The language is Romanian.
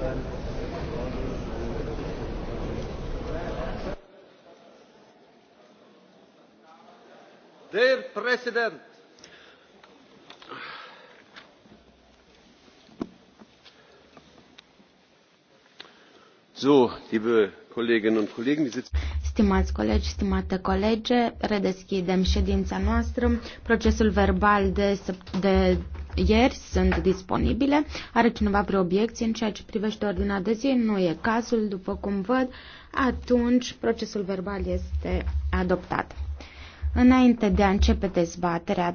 Dear President, So, liebe Kolleginnen und Kollegen, die sitzen. Stimați colegi, stimate colege, redeschidem ședința noastră. Procesul verbal de, de ieri sunt disponibile. Are cineva vreo obiecție în ceea ce privește ordinea de zi? Nu e cazul, după cum văd. Atunci, procesul verbal este adoptat. Înainte de a începe dezbaterea